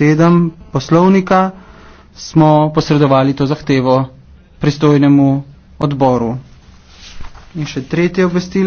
7 poslovnika smo posredovali to zahtevo pristojnemu odboru. In še tretje obvestilo.